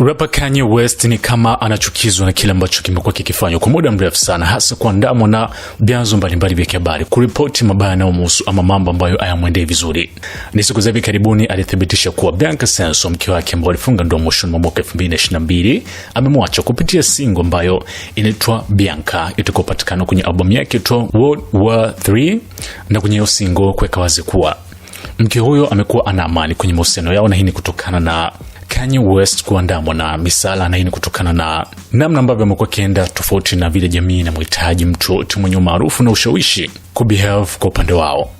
Rapa Kanye West ni kama anachukizwa na kile ambacho kimekuwa kikifanywa kwa muda mrefu sana, hasa kuandamwa na vyanzo mbalimbali vya kihabari kuripoti mabaya yanayomhusu ama mambo ambayo hayamwendei vizuri. Ni siku za hivi karibuni alithibitisha kuwa Bianca Sansom, mke wake ambaye alifunga ndoa mwishoni mwa mwaka 2022, amemwacha kupitia singo ambayo inaitwa Bianca, itakayopatikana kwenye albamu yake to World War 3 na kwenye hiyo singo kuweka wazi kuwa mke huyo amekuwa ana amani kwenye mahusiano yao, na hii ni kutokana na Kanye West kuandamwa na misala, na ini kutokana na namna ambavyo amekuwa akienda tofauti na vile jamii inamhitaji mtu tu mwenye umaarufu na ushawishi kubehave kwa upande wao.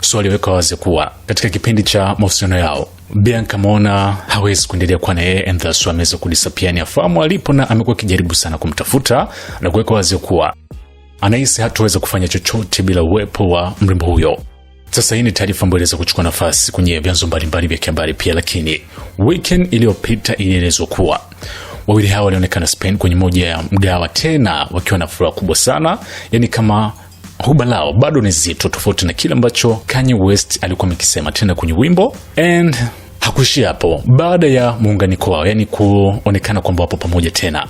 So aliweka wazi kuwa katika kipindi cha mahusiano yao Bianca Mona hawezi kuendelea kuwa na yeye and thus ameweza kudisappear, ni afahamu alipo, na amekuwa akijaribu sana kumtafuta na kuweka wazi kuwa anahisi hatuweza kufanya chochote bila uwepo wa mrembo huyo. Sasa hii ni taarifa ambayo iliweza kuchukua nafasi kwenye vyanzo mbalimbali vya kihabari pia, lakini Weekend iliyopita ilielezwa kuwa wawili hawa walionekana Spain kwenye moja ya mgawa tena wakiwa na furaha kubwa sana, yani kama huba lao bado ni zito, tofauti na kile ambacho Kanye West alikuwa amekisema tena kwenye wimbo and hakuishia hapo. Baada ya muunganiko wao, yani kuonekana kwamba wapo pamoja tena,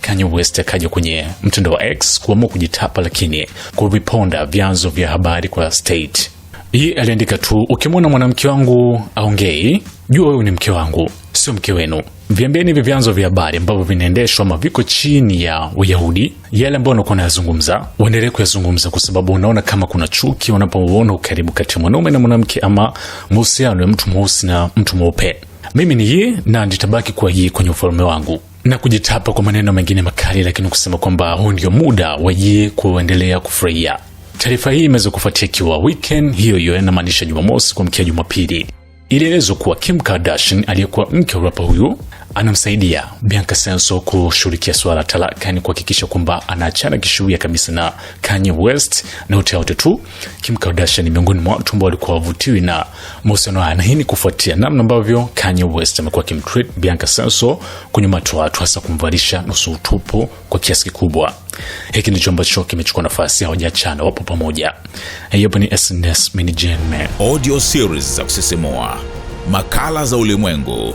Kanye West akaja kwenye mtendo wa X kuamua kujitapa, lakini kuviponda vyanzo vya habari kwa state hii aliandika tu, ukimwona mwanamke wangu aongei, jua huyu ni mke wangu, sio mke wenu. Vyambieni hivi vyanzo vya habari ambavyo vinaendeshwa ama viko chini ya Uyahudi, yale ambayo unakuwa unayazungumza, uendelee kuyazungumza, kwa sababu unaona kama kuna chuki unapoona ukaribu kati ya mwanaume na mwanamke, ama mahusiano ya mtu mweusi na mtu mweupe. Mimi ni yi na nitabaki kuwa yi kwenye ufalme wangu na kujitapa kwa maneno mengine makali, lakini kusema kwamba huu ndio muda wa yi kuendelea kufurahia Taarifa hii imeweza kufuatia kiwa weekend hiyo hiyo, inamaanisha Jumamosi kwa mkia Jumapili, ilielezwa kuwa Kim Kardashian aliyekuwa mke wa rapa huyu anamsaidia Bianca Senso kushughulikia swala talaka, ni kuhakikisha kwamba anaachana kishughuli kabisa na Kanye West na wote wote tu. Kim Kardashian ni miongoni mwa watu ambao walikuwa wavutiwi na mahusiano haya, na hii ni kufuatia namna ambavyo Kanye West amekuwa akimtreat Bianca Senso kunyumata watu, hasa kumvalisha nusu utupu kwa kiasi kikubwa. Hiki ndicho ambacho kimechukua nafasi, hawajaachana, wapo pamoja. Hiyopo ni SNS Mini Jenme, audio series za kusisimua, makala za ulimwengu